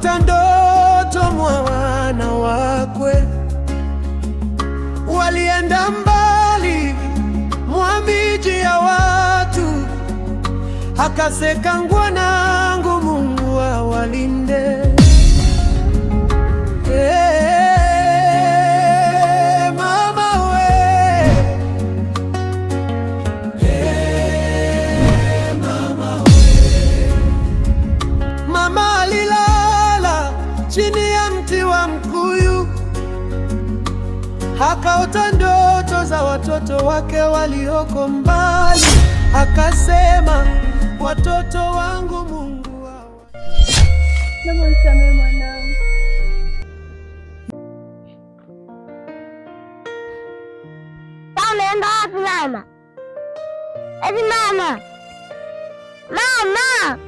kuota ndoto mwa wana wakwe walienda mbali mwa miji ya watu, akaseka ngwanangu, Mungu awalinde. ya mti wa mkuyu, akaota ndoto za watoto wake walioko mbali, akasema watoto wangu Mungu wao. Msamee mwanangu. Umeenda wapi mama? Eti mama, mama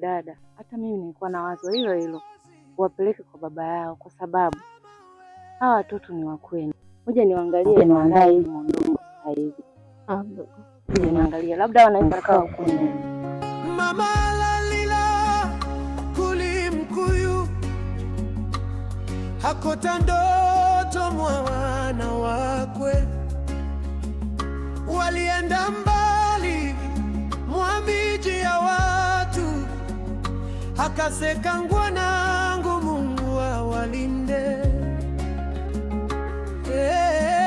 dada, hata mimi nilikuwa na wazo hilo hilo, wapeleke kwa baba yao, kwa sababu hawa watoto ni wa kwenu. Ngoja niwaangalie, niwaandae hivi mondongo sasa hivi, ah, niangalie labda wanaweza kawa huko. Mama lalila kulimkuyu hakota ndoto mwa wana wakwe walienda mbali akaseka nangu Mungu awalinde ee,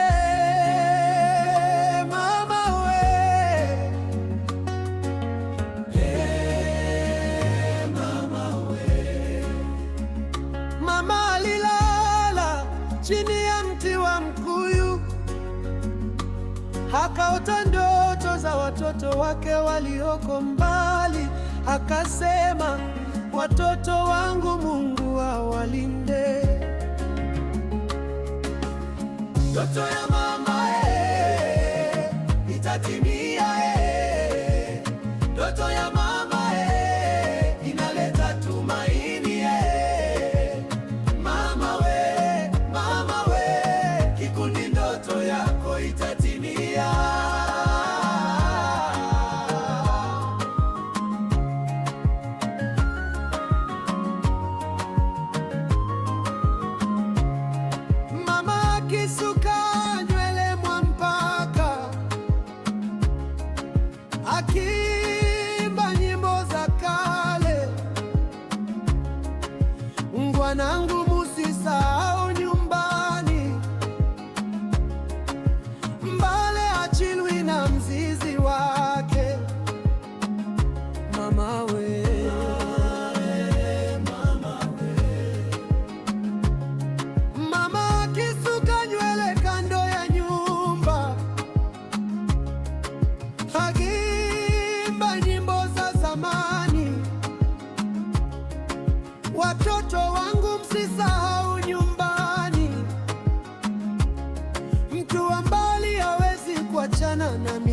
ee, mama alilala chini ya mti wa mkuyu akaota ndoto za watoto wake walioko mbali akasema watoto wangu, Mungu awalinde. Toto ya mama sana na mimi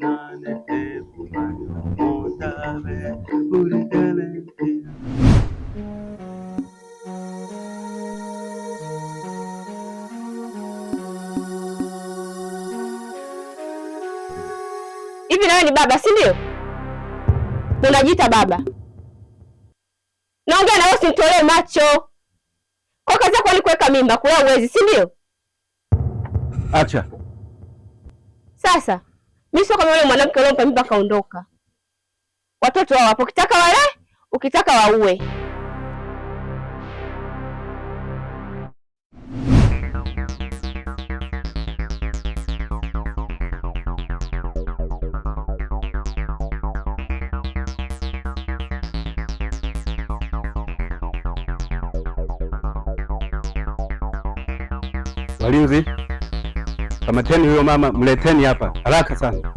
Hivi nawe ni baba, si ndio? Unajiita baba? Naongea wewe, usinitolee macho. Kwa kazi yako ni kuweka mimba, kulea uwezi, si ndio? Acha. Sasa mimi sio kama yule mwanamke leo mpaka kaondoka. Watoto hao wapo, ukitaka wale, ukitaka waue. Walinzi Kamateni huyo mama, mleteni hapa haraka sana.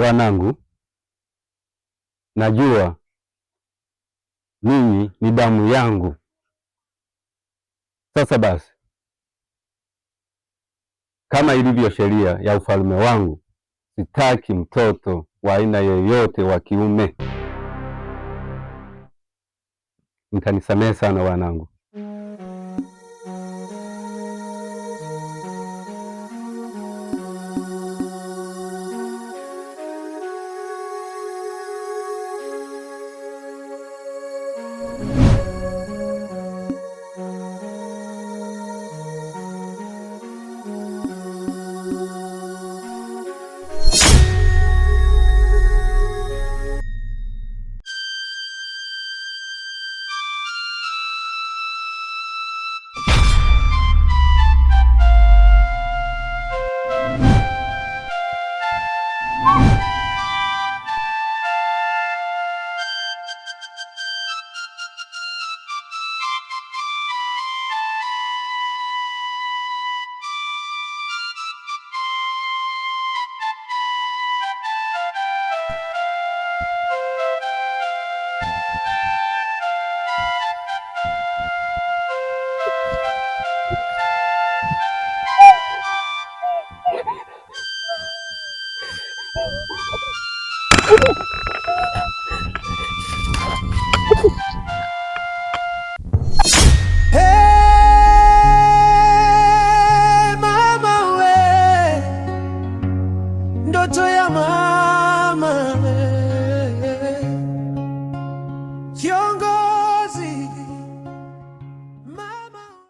Wanangu, najua ninyi ni damu yangu. Sasa basi, kama ilivyo sheria ya ufalme wangu, sitaki mtoto wa aina yoyote wa kiume. Mtanisamehe sana wanangu.